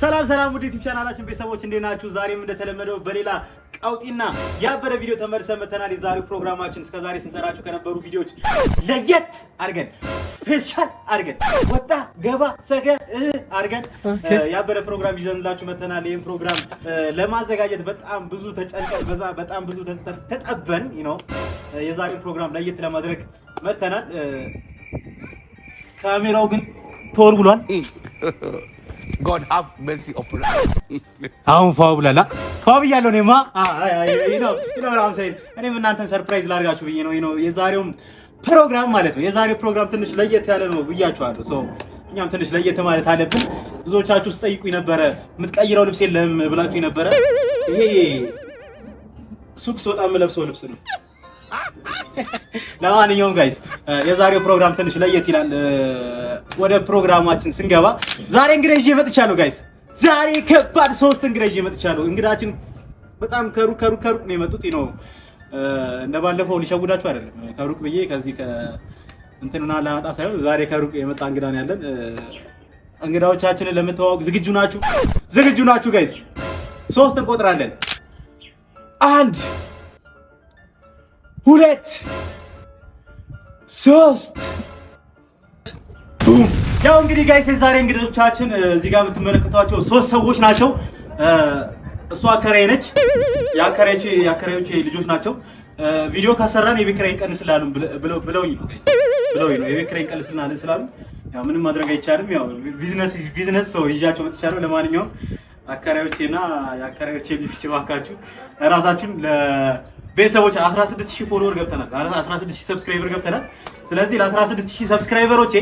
ሰላም ሰላም ውድ ዩቲዩብ ቻናላችን ቤተሰቦች እንዴት ናችሁ? ዛሬም እንደተለመደው በሌላ ቀውጢና ያበረ ቪዲዮ ተመልሰን መተናል። የዛሬው ፕሮግራማችን እስከዛሬ ስንሰራችሁ ከነበሩ ቪዲዮዎች ለየት አድርገን ስፔሻል አድርገን ወጣ ገባ ሰገ አድርገን ያበረ ፕሮግራም ይዘንላችሁ መተናል። ይህም ፕሮግራም ለማዘጋጀት በጣም ብዙ ተጨንቀን በዛ በጣም ብዙ ተጠበን ነው የዛሬውን ፕሮግራም ለየት ለማድረግ መተናል። ካሜራው ግን ተወልውሏል። አሁን ፏ ብላላ ፏ ብያለሁ። እኔማ እኔም እናንተን ሰርፕራይዝ ላድርጋችሁ ብዬ ነው። የዛሬውም ፕሮግራም ማለት ነው የዛሬው ፕሮግራም ትንሽ ለየት ያለ ነው ብያችኋለሁ። እኛም ትንሽ ለየት ማለት አለብን። ብዙዎቻችሁ ስጠይቁ ነበረ የምትቀይረው ልብስ የለህም ብላችሁ ነበረ። ይሄ ሱቅ ስወጣ የምለብሰው ልብስ ነው። ለማንኛውም ጋይስ የዛሬው ፕሮግራም ትንሽ ለየት ይላል። ወደ ፕሮግራማችን ስንገባ ዛሬ እንግዳ ይዤ መጥቻለሁ ጋይስ። ዛሬ ከባድ ሶስት እንግዳ ይዤ መጥቻለሁ። እንግዳችን በጣም ከሩቅ ከሩቅ ከሩቅ ነው የመጡት ነው። እንደባለፈው ሊሸውዳችሁ አይደለም። ከሩቅ ብዬ ከዚህ ከእንትንና ላመጣ ሳይሆን ዛሬ ከሩቅ የመጣ እንግዳ ነው ያለን። እንግዳዎቻችንን ለመተዋወቅ ዝግጁ ናችሁ? ዝግጁ ናችሁ ጋይስ? ሶስት እንቆጥራለን። አንድ ሁለት ሶስት ያው እንግዲህ ጋይስ የዛሬ እንግዶቻችን እዚህ ጋር የምትመለከቷቸው ሶስት ሰዎች ናቸው። እሷ አከሬ ነች፣ የአከሬዎች ልጆች ናቸው። ቪዲዮ ካሰራን የቤት ኪራይ ቀን ስላሉ ብለውኝ ነው ጋይስ ብለውኝ ነው የቤት ኪራይ ቀን ስላሉ ያው ምንም ማድረግ አይቻልም። ያው ቢዝነስ ቢዝነስ ሰው ይዣቸው መጥቻለሁ። ለማንኛውም አከሬዎቼና የአከሬዎቼ ልጆች እባካችሁ እራሳችሁን ቤተሰቦች 16000 ፎሎወር ገብተናል፣ 16000 ሰብስክራይበር ገብተናል። ስለዚህ ለ16000 ሰብስክራይበሮቼ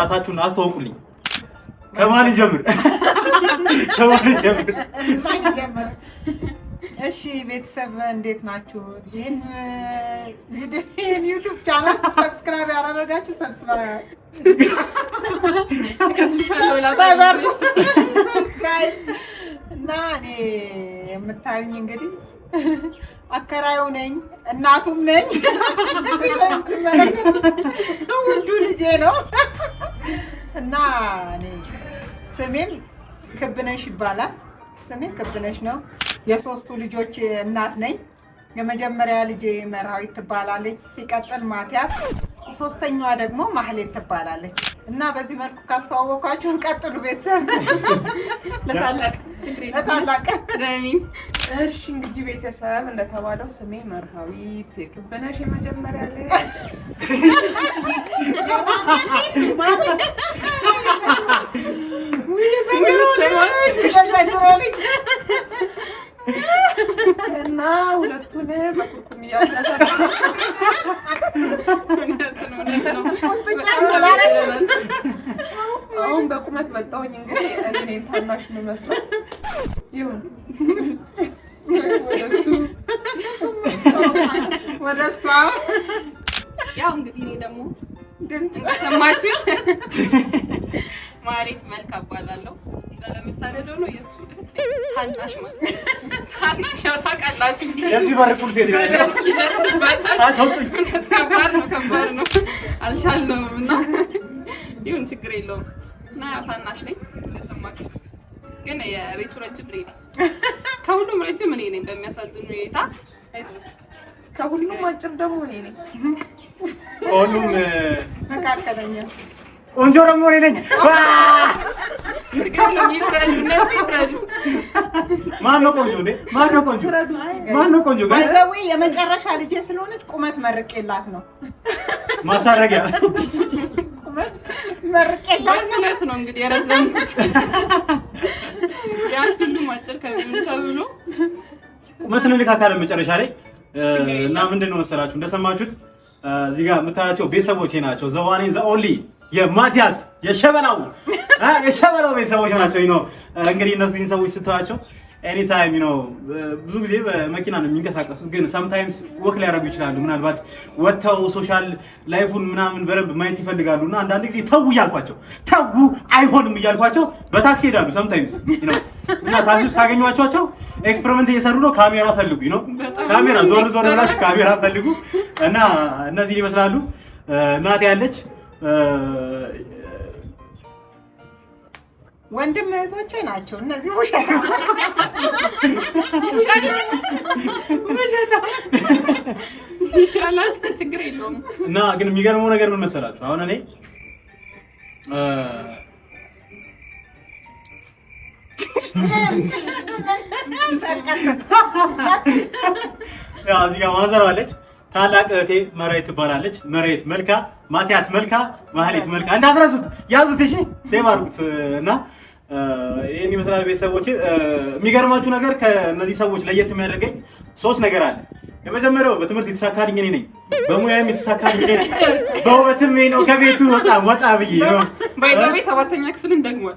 ራሳችሁን አስተዋውቁልኝ። ከማን ጀምር? ከማን ጀምር? እሺ ቤተሰብ እንዴት ናችሁ? ይህን ዩቱብ ቻናል ሰብስክራይብ ያደረጋችሁ ሰብስክራይብ እና እኔ የምታዩኝ እንግዲህ አከራዩ ነኝ፣ እናቱም ነኝ። ውዱ ልጄ ነው እና ስሜም ክብነሽ ይባላል። ስሜ ክብነሽ ነው። የሶስቱ ልጆች እናት ነኝ። የመጀመሪያ ልጄ መርሃዊት ትባላለች። ሲቀጥል ማቲያስ፣ ሶስተኛዋ ደግሞ ማህሌት ትባላለች። እና በዚህ መልኩ ካስተዋወኳቸው ቀጥሉ ቤተሰብ ለታላቅ እሺ እንግዲህ ቤተሰብ እንደተባለው ስሜ መርሃዊት የክብነሽ የመጀመሪያ ልጅ እና ሁለቱን በኩርኩም አሁን በቁመት በልጠውኝ እንግዲህ እኔን ታናሽ የምመስለው ይሁን ወደ እሷ ያው እንግዲህ እኔ ደግሞ እንደሰማችሁ ማሬት መልክ አባላለሁ እንደለምታደደው ነው የእሱ ታናሽ ማለት ታናሽ ያው ታውቃላችሁ፣ የዚህ በር ቁልፍ የት ነው ያለው? አስወጡኝ። ከባድ ነው፣ ከባድ ነው። አልቻለሁም እና ይሁን ችግር የለውም እና ያው ታናሽ ነኝ እንደሰማችሁት ግን የቤቱ ረጅም እኔ ነኝ። ከሁሉም ረጅም እኔ ነኝ። በሚያሳዝኑ ሁኔታ አይዞህ። ከሁሉም አጭር ደግሞ እኔ ነኝ። ከሁሉም መካከለኛ ቆንጆ ደግሞ እኔ ነኝ። ይፍረዱ፣ እነሱ ይፍረዱ። ማነው ቆንጆ? ማነው ቆንጆ? ማነው ቆንጆ? የመጨረሻ ልጄ ስለሆነች ቁመት መርቄላት ነው ማሳረጊያ መርቄላት ነው እንግዲህ የረዘምኩት ቢያንስ ሁሉም አጭር ተብሎ ቁመትን ልካካለ መጨረሻ ላይ እና ምንድን ነው መሰላችሁ እንደሰማችሁት እዚህ ጋር የምታያቸው ቤተሰቦቼ ናቸው ዘዋኔ ዘኦንሊ የማቲያስ የሸበላው የሸበላው ቤተሰቦች ናቸው። ነው እንግዲህ እነሱ ሰዎች ስተዋቸው ኤኒታይም ነው ብዙ ጊዜ በመኪና ነው የሚንቀሳቀሱት፣ ግን ሰምታይምስ ወክ ሊያደርጉ ይችላሉ። ምናልባት ወጥተው ሶሻል ላይፉን ምናምን በደንብ ማየት ይፈልጋሉ። እና አንዳንድ ጊዜ ተዉ እያልኳቸው ተዉ አይሆንም እያልኳቸው በታክሲ ሄዳሉ። ሰምታይምስ ነው እና ታክሲ ውስጥ ካገኟቸው ኤክስፐሪመንት እየሰሩ ነው። ካሜራ ፈልጉ ነው ካሜራ ዞር ዞር ብላችሁ ካሜራ ፈልጉ እና እነዚህን ይመስላሉ ናት ያለች ወንድም እህቶቼ ናቸው እነዚህ። ውሸት ይሻላል፣ ችግር የለውም። እና ግን የሚገርመው ነገር ምን መሰላችሁ? አሁን እኔ እዚህ ጋር ማዘር አለች ታላቅ እህቴ መሬት ትባላለች። መሬት መልካ፣ ማቲያስ መልካ፣ ማህሌት መልካ እንዳትረሱት፣ ያዙት። እሺ ሴቭ አድርጉት እና ይህን ይመስላል ቤተሰቦች። የሚገርማችሁ ነገር ከእነዚህ ሰዎች ለየት የሚያደርገኝ ሶስት ነገር አለ። የመጀመሪያው በትምህርት የተሳካልኝ እኔ ነኝ። በሙያም የተሳካልኝ እኔ ነኝ። በውበትም ነው ከቤቱ ወጣ ወጣ ብዬ ነው። ባይዘቤ ሰባተኛ ክፍልን ደግሟል።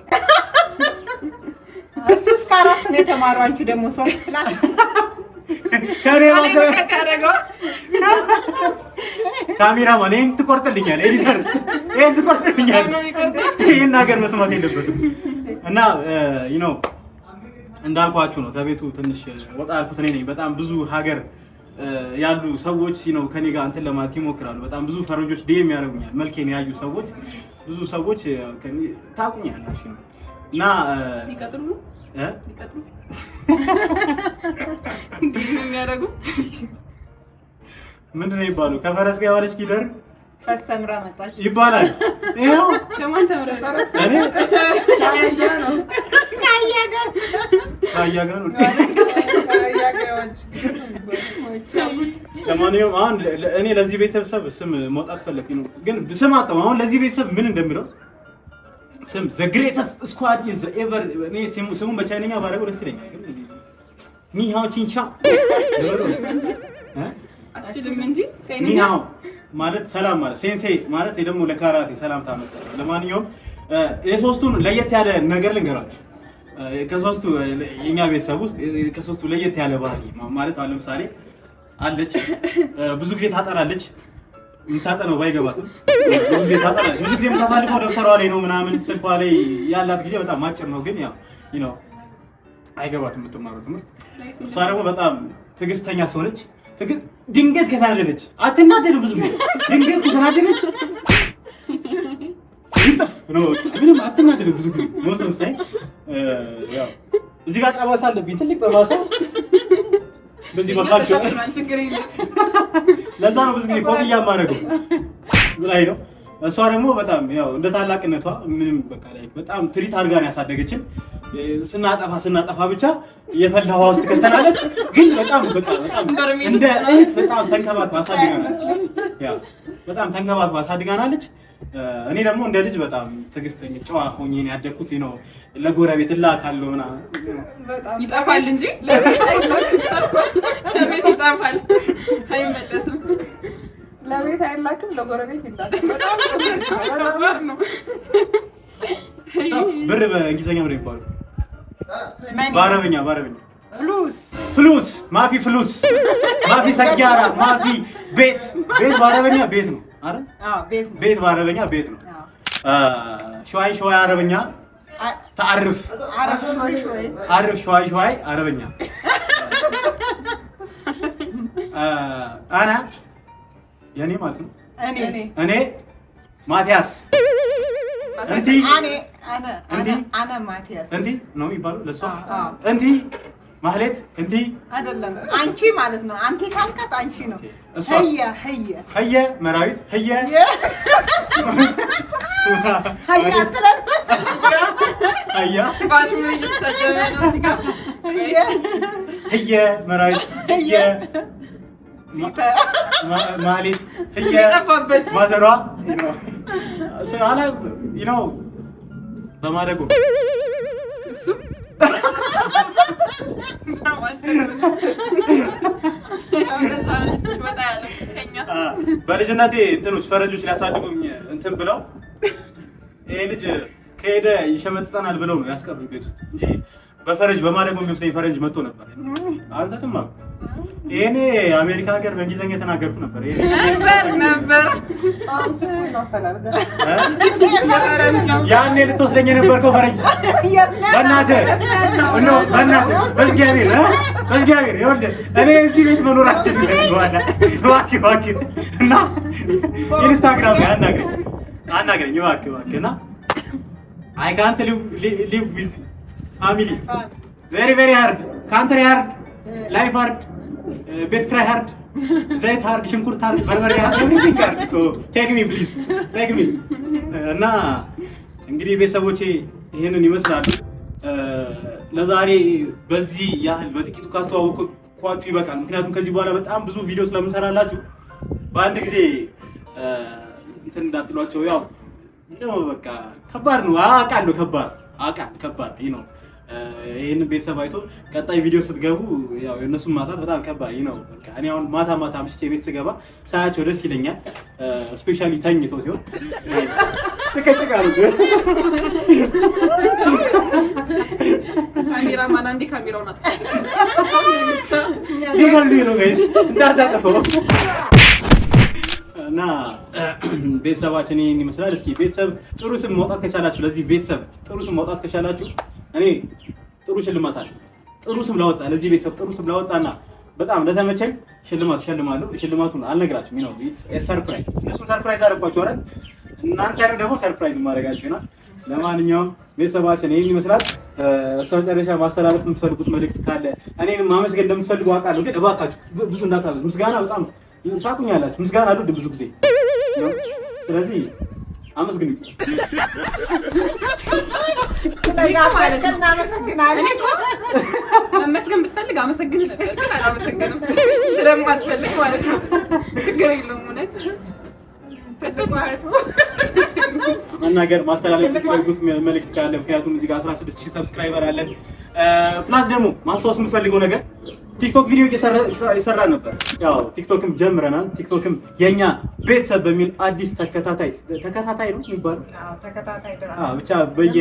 እሱ እስከ አራት ነው የተማረው። አንቺ ደግሞ ሶስት ክላስ ካሜራማን ይሄን ትቆርጥልኛል፣ ኤዲተር ይሄን ትቆርጥልኛል። ይሄን ሀገር መስማት የለበትም እና ዩ እንዳልኳችሁ ነው። ከቤቱ ትንሽ ወጣ ያልኩት እኔ ነኝ። በጣም ብዙ ሀገር ያሉ ሰዎች ነው ከኔ ጋር እንትን ለማለት ይሞክራሉ። በጣም ብዙ ፈረንጆች ዴም ያደርጉኛል። መልኬን ያዩ ሰዎች ብዙ ሰዎች ታቁኛላችሁ እና የሚያደርጉት ምንድን ነው ይባሉ? ከፈረስ ጋር የዋለች ጊደር ፈስ ተምራ መጣች ይባላል። ይኸው ከማን ተምራ? ፈረስ እኔ ከአያ ጋር ነው። ለማንኛውም አሁን እኔ ለዚህ ቤተሰብ ስም መውጣት ፈለኩኝ ነው፣ ግን ስም አጣሁ። አሁን ለዚህ ቤተሰብ ምን እንደምለው ስም ዘ ግሬተስት ስኳድ ኢዝ ኤቨር። እኔ ስሙን በቻይነኛ ባደረገው ደስ ይለኛል። ኒሃው ቺንቻ ኒሃው ማለት ሰላም ማለት ሴንሴ ማለት ደግሞ ለካራቴ ሰላምታ መስጠት። ለማንኛውም የሶስቱን ለየት ያለ ነገር ልንገራችሁ። ከሶስቱ የኛ ቤተሰብ ውስጥ ከሶስቱ ለየት ያለ ባህሪ ማለት አሁን ለምሳሌ አለች ብዙ ጊዜ ታጠናለች የምታጠነው ባይገባትም ታጠናች። ብዙ ጊዜ የምታሳልፈው ደብተሯ ላይ ነው ምናምን ስልኳ ላይ ያላት ጊዜ በጣም አጭር ነው። ግን ያው ነው አይገባት የምትማረው ትምህርት። እሷ ደግሞ በጣም ትዕግስተኛ ሰውነች። ድንገት ከተናደደች አትናደድም። ብዙ ጊዜ ድንገት ከተናደደች ይጥፍ ነው ምንም አትናደድም። ብዙ ጊዜ መውሰድ ስታይ እዚህ ጋር ጠባሳ አለብኝ ትልቅ ጠባሳ በዚህ በቃቸው ለዛ ነው ብዙ ጊዜ ኮፍያ ማድረገው ላይ ነው። እሷ ደግሞ በጣም ያው እንደ ታላቅነቷ ምንም በቃ ላይ በጣም ትሪት አድርጋ ነው ያሳደገችን። ስናጠፋ ስናጠፋ ብቻ የፈላ ውሃ ውስጥ ከተናለች፣ ግን በጣም በቃ በጣም እንደ እህት በጣም ተንከባክባ አሳድጋናለች። በጣም ተንከባክባ አሳድጋናለች። እኔ ደግሞ እንደ ልጅ በጣም ትዕግስተኛ ጨዋ ሆኜ ያደግኩት። ነው ለጎረቤት እላካለሁ ምናምን ይጠፋል እንጂ ለቤት ይጠፋል አይመለስም። ለቤት አይላክም፣ ለጎረቤት ይላል። ብር በእንግሊዝኛ ብር ይባሉ? በአረበኛ በአረበኛ ፍሉስ ፍሉስ ማፊ ፍሉስ ማፊ ሰጊያራ ማፊ ቤት ቤት በአረበኛ ቤት ነው ቤት በአረበኛ ቤት ነው። ሸዋይ ሸዋይ አረበኛ ተአርፍ አርፍ ሸዋይ ሸዋይ አረበኛ አና የኔ ማለት ነው። እኔ እኔ ማቲያስ እንቲ ነው የሚባለው ለእሷ እንቲ ማህሌት እንቲ አይደለም፣ አንቺ ማለት ነው። አንቲ ካልቀጥ አንቺ ነው። ህየ ህየ ህየ መራዊት ህየ ህየ መራዊት ህየ ማህሌት ህየ ጠፋበት ማዘሯ ነው በማደጎ በልጅነቴ እንትኖች ፈረንጆች ሊያሳድጉኝ እንትን ብለው ይሄ ልጅ ከሄደ ይሸመጥጠናል ብለው ነው ያስቀሩኝ ቤት ውስጥ እንጂ በፈረንጅ በማደጎ የሚወስደኝ ፈረንጅ መጥቶ ነበር። አልተትም አሉ ይሄኔ አሜሪካ ሀገር በእንግሊዝኛ የተናገርኩ ነበር ነበር። ያኔ ልትወስደኝ የነበርከው ፈረንጅ በእናትህ ነው በእግዚአብሔር በእግዚአብሔር ይኸውልህ፣ እኔ እዚህ ቤት መኖር አልችልም በኋላ እባክህ እና ኢንስታግራም ላይ አናግረኝ አናግረኝ እባክህ እባክህ እና አይ ካንት ሊቭ ሊቭ ዊዝ ፋሚሊ ቬሪ ቬሪ ሃርድ፣ ካንትሪ ሃርድ፣ ላይፍ ሃርድ፣ ቤት ክራይ ሃርድ፣ ዘይት ሃርድ፣ ሽንኩርት ሃርድ፣ በርበሬ ሃርድ፣ ኤቭሪቲንግ ሃርድ። ሶ ቴክ ሚ ፕሊዝ ቴክ ሚ። እና እንግዲህ ቤተሰቦቼ ይሄንን ይመስላል። eh, ለዛሬ በዚህ ያህል በጥቂቱ ካስተዋወቅኳችሁ ይበቃል። ምክንያቱም ከዚህ በኋላ በጣም ብዙ ቪዲዮ ስለምሰራላችሁ በአንድ ጊዜ eh, እንትን እንዳትሏቸው። ያው ነው በቃ ከባድ ነው አውቃለሁ፣ ከባድ አውቃለሁ፣ ከባድ ነው። ይህንን ቤተሰብ አይቶ ቀጣይ ቪዲዮ ስትገቡ ያው የእነሱን ማጣት በጣም ከባድ ነው። እኔ አሁን ማታ ማታ አምሽቼ ቤት ስገባ ሳያቸው ደስ ይለኛል። ስፔሻሊ ተኝተው ሲሆን ትከጭቃሉ። ካሜራማን አንዴ ካሜራውን እና ቤተሰባችን ይህን ይመስላል። እስኪ ቤተሰብ ጥሩ ስም ማውጣት ከቻላችሁ፣ ለዚህ ቤተሰብ ጥሩ ስም ማውጣት ከቻላችሁ እኔ ጥሩ ሽልማት አለ። ጥሩ ስም ላወጣ ለዚህ ቤተሰብ ጥሩ ስም ላወጣና በጣም ለተመቸኝ ሽልማት ሸልማለሁ። ሽልማቱን አልነግራችሁም። ይኸው ሰርፕራይዝ፣ እነሱ ሰርፕራይዝ አደረኳችሁ አይደል? እናንተንም ደግሞ ሰርፕራይዝ ማድረጋችሁ ይሆናል። ለማንኛውም ቤተሰባችን ይህን ይመስላል። እስከ ማስተላለፍ የምትፈልጉት መልእክት ካለ እኔንም ማመስገን እንደምትፈልጉ አውቃለሁ፣ ግን እባካችሁ ብዙ እንዳታዘዝ። ምስጋና በጣም ታቁኛላችሁ። ምስጋና አሉ ብዙ ጊዜ ስለዚህ አመስግኑ። መመስገን ብትፈልግ አመሰግን ነበር፣ ግን አላመሰግንም ስለማትፈልግ ማለት ነው። ችግር የለውም እውነት መናገር ማስተላለፍ የምትፈልጉት መልዕክት ካለ ምክንያቱም እዚህ ጋር 16 ሺህ ሰብስክራይበር አለን። ፕላስ ደግሞ ማስታወስ የምፈልገው ነገር ቲክቶክ ቪዲዮ እየሰራ ነበር። ያው ቲክቶክም ጀምረናል። ቲክቶክም የኛ ቤተሰብ በሚል አዲስ ተከታታይ ተከታታይ ነው የሚባለው ብቻ በየ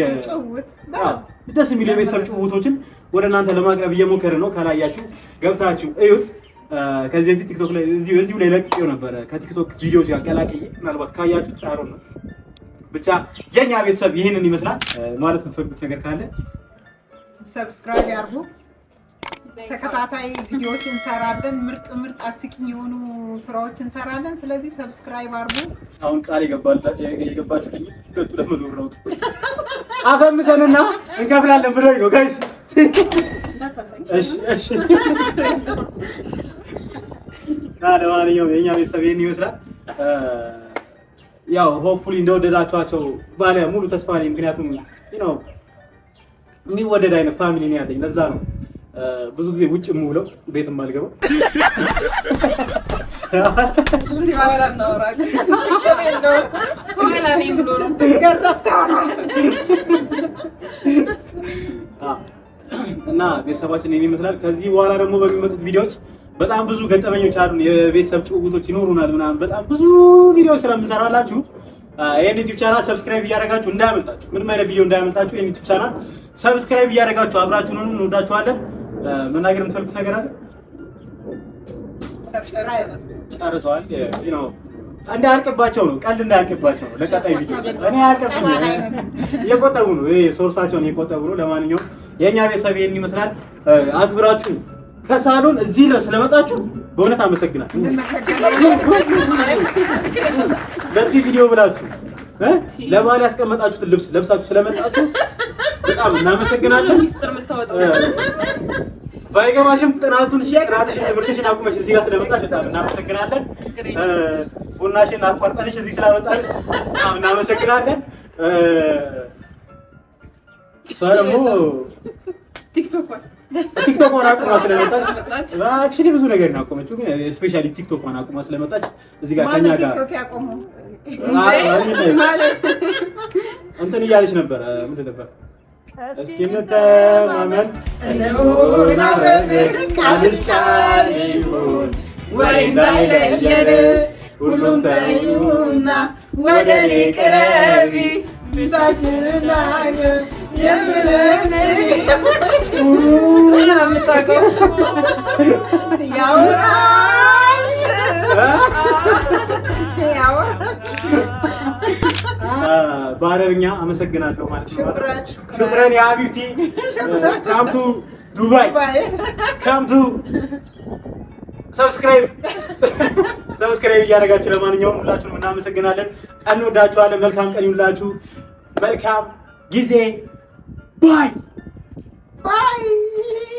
ደስ የሚል የቤተሰብ ጭውቶችን ወደ እናንተ ለማቅረብ እየሞከረ ነው። ካላያችሁ ገብታችሁ እዩት። ከዚህ በፊት ቲክቶክ ላይ እዚሁ እዚሁ ላይ ለቅቄው ነበረ ከቲክቶክ ቪዲዮ ጋር ቀላቅዬ ምናልባት ካያችሁ ጻሩ ነው። ብቻ የኛ ቤተሰብ ይህንን ይመስላል ማለት የምትፈልጉት ነገር ካለ ሰብስክራይብ ያርጉ። ተከታታይ ቪዲዮዎች እንሰራለን። ምርጥ ምርጥ አስቂኝ የሆኑ ስራዎች እንሰራለን። ስለዚህ ሰብስክራይብ አርጉ። አሁን ቃል የገባችሁልኝ ሁለቱ ለመዞር ነው። አፈምሰንና እንከፍላለን ብለኝ ነው ጋይስ። ለማንኛውም የኛ ቤተሰብ ይህን ይመስላል። ያው ሆፕፉሊ እንደወደዳችኋቸው ባለ ሙሉ ተስፋ ነኝ። ምክንያቱም ነው የሚወደድ አይነት ፋሚሊ ነው ያለኝ። ለዛ ነው ብዙ ጊዜ ውጭ የምውለው ቤት የማልገባው እና ቤተሰባችን ይመስላል። ከዚህ በኋላ ደግሞ በሚመጡት ቪዲዮዎች በጣም ብዙ ገጠመኞች አሉ፣ የቤተሰብ ጭውውቶች ይኖሩናል ምናምን በጣም ብዙ ቪዲዮ ስለምንሰራላችሁ ይህን ዩቲብ ቻናል ሰብስክራይብ እያደረጋችሁ እንዳያመልጣችሁ፣ ምንም አይነት ቪዲዮ እንዳያመልጣችሁ። ይህን ቻናል ሰብስክራይብ እያደረጋችሁ አብራችሁን እንወዳችኋለን። መናገር የምትፈልጉት ነገር አለ? ጨርሰዋል። እንዳያልቅባቸው ነው፣ ቀልድ እንዳያልቅባቸው ነው። ለቀጣይ ቪዲዮ እኔ ያልቀጥም የቆጠቡ ነው፣ ሶርሳቸውን የቆጠቡ ነው። ለማንኛውም የእኛ ቤተሰብ ይህን ይመስላል። አክብራችሁ ከሳሎን እዚህ ድረስ ስለመጣችሁ በእውነት አመሰግናል። በዚህ ቪዲዮ ብላችሁ ለባል ያስቀመጣችሁትን ልብስ ለብሳችሁ ስለመጣችሁ በጣም እናመሰግናለን። ሚስጥር የምታወጣው ባይገባሽም ጥናቱን እሺ፣ ጥናትሽን ትምህርትሽን አቁመሽ እዚህ ጋር ስለመጣሽ በጣም እናመሰግናለን። ቡናሽን አቋርጠንሽ እዚህ ስላመጣሽ በጣም እናመሰግናለን። ሰሞ ደግሞ ቲክቶኳን ቲክቶኳን አቁማ ስለመጣች አክቹዋሊ ብዙ ነገር እናቆመችው፣ ግን ስፔሻሊ ቲክቶኳን አቁማ ስለመጣች እዚህ ጋር ከኛ ጋር እንትን እያለች ነበር። ምንድን ነበር? እስኪ እንተማመን ቃልሽ ቃልሽ ይሁን ወሬ ባይለየን ሁሉም ተይውና ወደ እኔ ቅረቢ ፊታችንን የምለምታቀው ያውራ በአረብኛ አመሰግናለሁ ማለት ነው። ሽክረን ያ ሀቢብቲ ካምቱ ዱባይ ካምቱ ሰብስክራይብ ሰብስክራይብ እያደረጋችሁ ለማንኛውም ሁላችሁንም እናመሰግናለን። እንወዳችኋለን። መልካም ቀን ይሁንላችሁ። መልካም ጊዜ ባይ ባይ